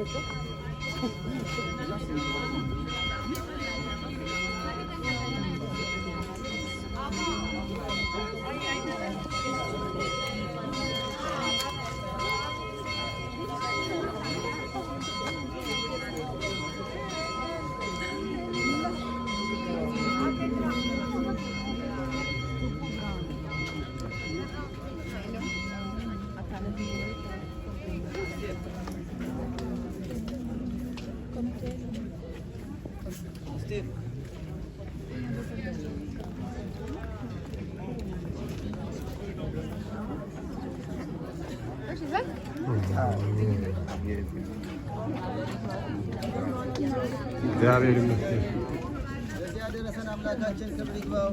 嗯。እግዚአብሔር ይመስገን። በዚህ ያደረሰን አምላካችን ክብር ይግባው።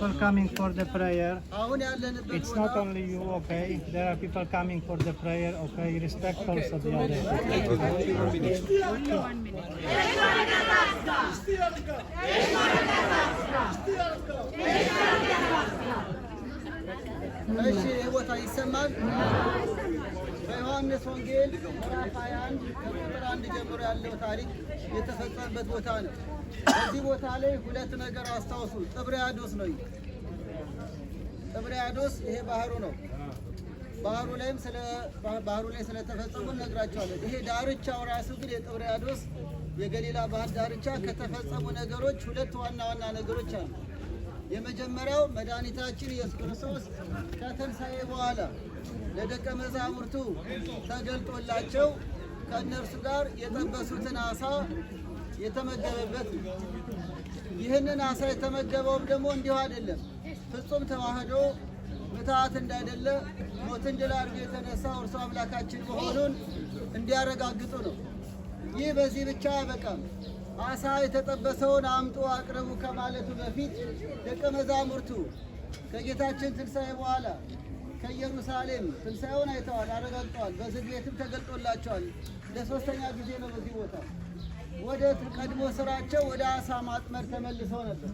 people coming for the prayer. It's not only you, okay? There are people coming for the prayer, okay? Respect also the other. ወንጌል ምዕራፍ 21 ከቁጥር አንድ ጀምሮ ያለው ታሪክ የተፈጸመበት ቦታ ነው። በዚህ ቦታ ላይ ሁለት ነገር አስታውሱ። ጥብርያዶስ ነው። ጥብርያዶስ ይሄ ባህሩ ነው። ባህሩ ላይም ስለ ባህሩ ላይ ስለተፈጸሙ እነግራቸዋለን። ይሄ ዳርቻው ራሱ ግን የጥብርያዶስ የገሊላ ባህር ዳርቻ ከተፈጸሙ ነገሮች ሁለት ዋና ዋና ነገሮች አሉ። የመጀመሪያው መድኃኒታችን ኢየሱስ ክርስቶስ ከትንሣኤ በኋላ ለደቀ መዛሙርቱ ተገልጦላቸው ከእነርሱ ጋር የጠበሱትን አሳ የተመገበበት ነው። ይህንን አሳ የተመገበውም ደግሞ እንዲሁ አይደለም፣ ፍጹም ተዋህዶ ምትሃት እንዳይደለ ሞትን ድል አድርጎ የተነሳ እርሱ አምላካችን መሆኑን እንዲያረጋግጡ ነው። ይህ በዚህ ብቻ አይበቃም። አሳ የተጠበሰውን አምጡ አቅርቡ ከማለቱ በፊት ደቀ መዛሙርቱ ከጌታችን ትንሣኤ በኋላ ከኢየሩሳሌም ትንሣኤውን አይተዋል፣ አረጋግጠዋል። በዝግ ቤትም ተገልጦላቸዋል። ለሶስተኛ ጊዜ ነው በዚህ ቦታ ወደ ቀድሞ ስራቸው ወደ አሳ ማጥመድ ተመልሰው ነበር።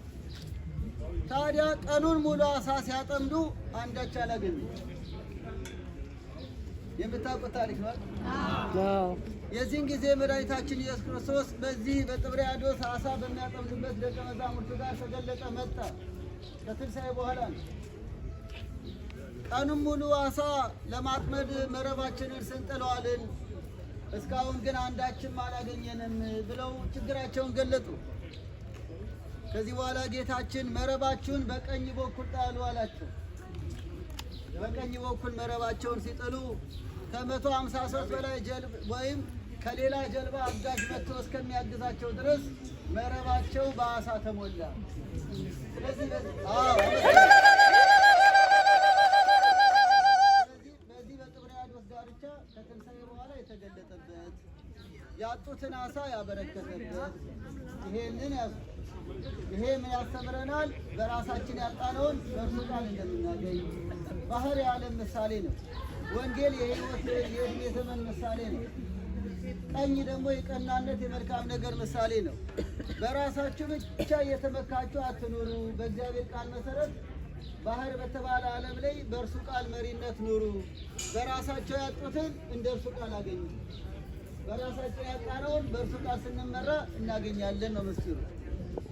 ታዲያ ቀኑን ሙሉ አሳ ሲያጠምዱ አንዳች አላገኙ። የምታውቁት ታሪክ ነው። የዚህን ጊዜ መድኃኒታችን ኢየሱስ ክርስቶስ በዚህ በጥብርያዶስ አሳ በሚያጠምዱበት ደቀ መዛሙርቱ ጋር ተገለጠ መጣ። ከትንሣኤ በኋላ ነው። ቀኑን ሙሉ አሳ ለማጥመድ መረባችንን ስንጥለዋልን እስካሁን ግን አንዳችም አላገኘንም ብለው ችግራቸውን ገለጡ። ከዚህ በኋላ ጌታችን መረባችሁን በቀኝ በኩል ጣሉ አላቸው። በቀኝ በኩል መረባቸውን ሲጥሉ ከመቶ ሃምሳ ሶስት በላይ ወይም ከሌላ ጀልባ አጋዥ መጥቶ እስከሚያግዛቸው ድረስ መረባቸው በአሳ ተሞላ። ያጡትን አሳ ያበረከተበት ይሄንን ይሄ ምን ያስተምረናል? በራሳችን ያጣነውን በእርሱ ቃል እንደምናገኝ ባህር የዓለም ምሳሌ ነው። ወንጌል የህይወት የዕድሜ ዘመን ምሳሌ ነው። ቀኝ ደግሞ የቀናነት የመልካም ነገር ምሳሌ ነው። በራሳችሁ ብቻ እየተመካችሁ አትኑሩ። በእግዚአብሔር ቃል መሰረት ባህር በተባለ ዓለም ላይ በእርሱ ቃል መሪነት ኑሩ። በራሳቸው ያጡትን እንደ እርሱ ቃል አገኙ። በራሳችን ያጣነውን በእርሱ ቃል ስንመራ እናገኛለን ነው ምስጢሩ።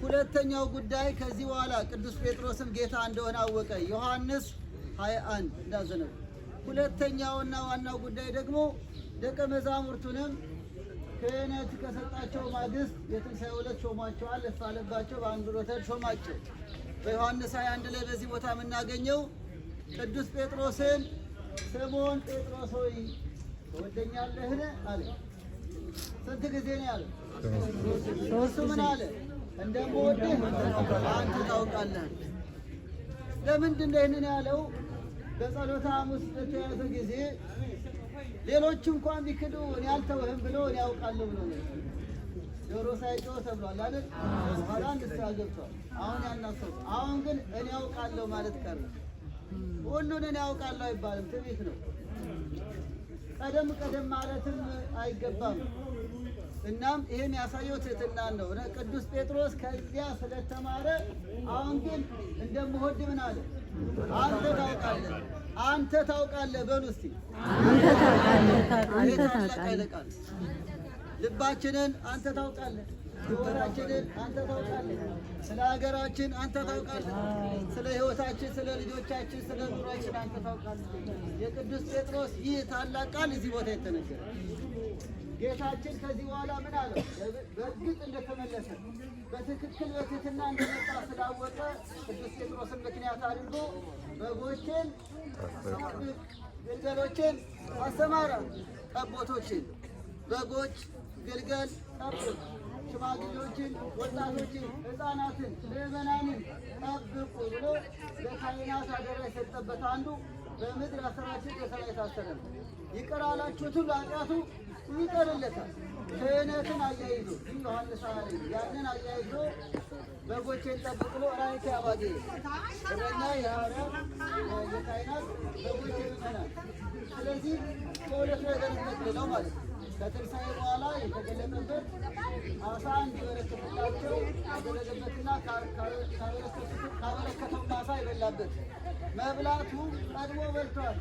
ሁለተኛው ጉዳይ ከዚህ በኋላ ቅዱስ ጴጥሮስም ጌታ እንደሆነ አወቀ። ዮሐንስ 21 እንዳዘነው። ሁለተኛውና ዋናው ጉዳይ ደግሞ ደቀ መዛሙርቱንም ክህነት ከሰጣቸው ማግስት የትንሣኤው ዕለት ሾሟቸዋል። ለተሳለባቸው በአንድ ሎተር ሾማቸው። በዮሐንስ 21 ላይ በዚህ ቦታ የምናገኘው ቅዱስ ጴጥሮስን ስምዖን ጴጥሮስ ሆይ ትወደኛለህን አለ። ስንት ጊዜ ነው ያለ? እሱ ምን አለ? እንደምወድህ አንተ ታውቃለህ። ለምንድን ነው ይህንን ያለው? በጸሎተ ሐሙስ በተያዘ ጊዜ ሌሎች እንኳን ቢክዱ እኔ አልተውህም ብሎ እኔ ያውቃለሁ ብሎ ነው። ጆሮ ሳይጮህ ተብሏል አይደል? ኋላ ንስሐ ገብቷል። አሁን ያናሰው አሁን ግን እኔ ያውቃለሁ ማለት ቀረ። ሁሉን እኔ ያውቃለሁ አይባልም፣ ትዕቢት ነው። ቀደም ቀደም ማለትም አይገባም። እናም ይህን ያሳየው ትህትናን ነው። ቅዱስ ጴጥሮስ ከዚያ ስለተማረ አሁን ግን እንደምወድ ምን አለ? አንተ ታውቃለህ፣ አንተ ታውቃለህ። በሉ እስቲ ታውቃለህ። ልባችንን አንተ ታውቃለህ፣ ህይወታችንን አንተ ታውቃለህ፣ ስለ ሀገራችን አንተ ታውቃለህ፣ ስለ ህይወታችን፣ ስለ ልጆቻችን፣ ስለ ኑሯችን አንተ ታውቃለህ። የቅዱስ ጴጥሮስ ይህ ታላቅ ቃል እዚህ ቦታ የተነገረ ጌታችን ከዚህ በኋላ ምን አለ በእርግጥ እንደተመለሰ በትክክል በትህትና እንደመጣ ስላወቀ ቅዱስ ጴጥሮስን ምክንያት አድርጎ በጎችን፣ ግልገሎችን አሰማራ። ጠቦቶችን፣ በጎች፣ ግልገል፣ ጠቦት፣ ሽማግሌዎችን፣ ወጣቶችን፣ ህፃናትን ምዕመናንን ጠብቁ ብሎ ለካህናት አደራ የሰጠበት አንዱ በምድር አሰራችን የሰራ የታሰረ ነው። ይቅር አላችሁትም ይቀርለታል። ክህነትን አያይዞ ዮሐንስ ላይ ያንን አያይዞ በጎቼን ጠብቅ ብሎ ራእይት አባጌ ጥበኛ የሐዋርያ የካህናት በጎቼ ይሆናል። ስለዚህ ከሁለት ነገር ይመስልነው ማለት ነው። ከትንሣኤ በኋላ የተገለጠበት አሳ እንዲበረከትላቸው ያደረገበትና ካበረከተው አሳ የበላበት መብላቱ ቀድሞ በልቷል።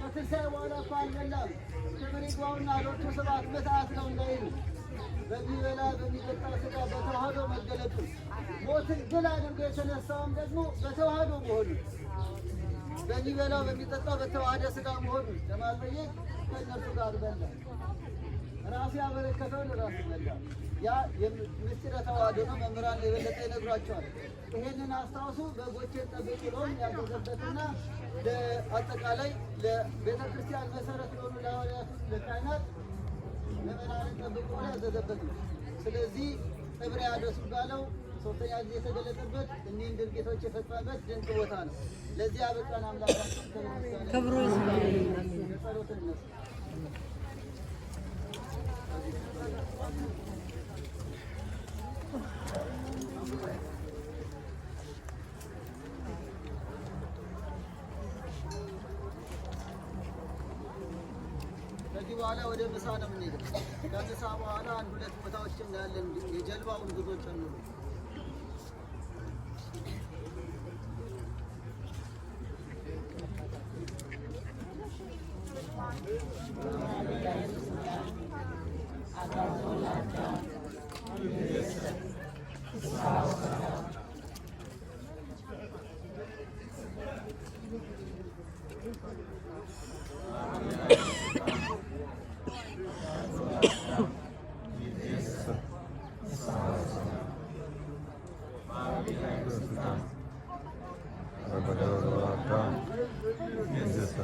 ከትንሣኤ በኋላ እኮ አልበላም። ክብር ይግባውና ሎቱ ሰባት ምትአት ነው እንዳይሉ በሚበላ በሚጠጣ ሥጋ በተዋህዶ መገለጡ ሞትን ድል አድርጎ የተነሳውም ደግሞ በተዋህዶ መሆኑ በሚበላው በሚጠጣው በተዋህደ ሥጋ መሆኑ ለማልበየት ከእነርሱ ጋር በላ ራሱ ያበረከተውን ራሱ በላ ያ ምስጢረ ተዋሕዶ ነው። መምህራን የበለጠ ይነግሯቸዋል። ይሄንን አስታውሱ። በጎቼን ጠብቅ ብሎም ያዘዘበትና አጠቃላይ ለቤተ ክርስቲያን መሰረት ለሆኑ ለሐዋርያት፣ ለካህናት መምህራንን ጠብቅ ብሎ ያዘዘበት ነው። ስለዚህ ዕብራያዶስ ባለው ሶስተኛ ጊዜ የተገለጠበት እኒህን ድርጊቶች የፈጸመበት ድንቅ ቦታ ነው። ለዚህ አበቃን። አምላካችን ክብሩ ይስፋ። ወደ ምሳ ነው የምንሄደው። ከምሳ በኋላ አንድ ሁለት ቦታዎች እናያለን፣ የጀልባውን ጉዞ ጨምሮ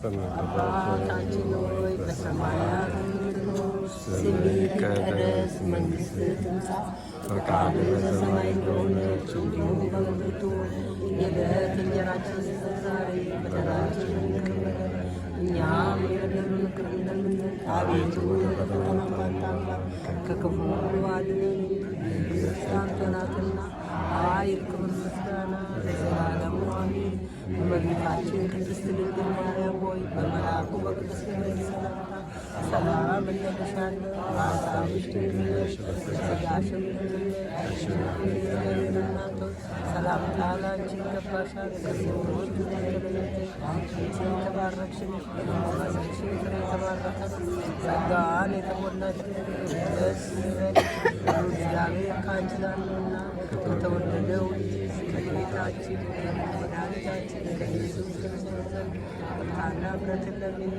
በአባታችን ሆይ በሰማያት የምትኖር ስምህ ይቀደስ፣ መንግሥትህ ክብር፣ ምስጋና ለዘላለሙ አሜን። እመቤታችን ቅድስት ድንግል ሆይ በመልአኩ በቅዱስ ገብርኤል ሰላምታ ሰላም እንልሻለን። ሀሳብሽ ድንግል ሥጋሽም ድንግል ናት። ሰላምታ ላንቺ ይገባሻል። ከሴቶች የተለየሽ የተባረክሽ በመንፈስሽ ፍሬ የተባረከ ጸጋን የተሞላሽ ደስ ይበል እግዚአብሔር ከአንቺ ጋር ነውና ከተወደደው ከጌታችን ታና ብረት እንደሚል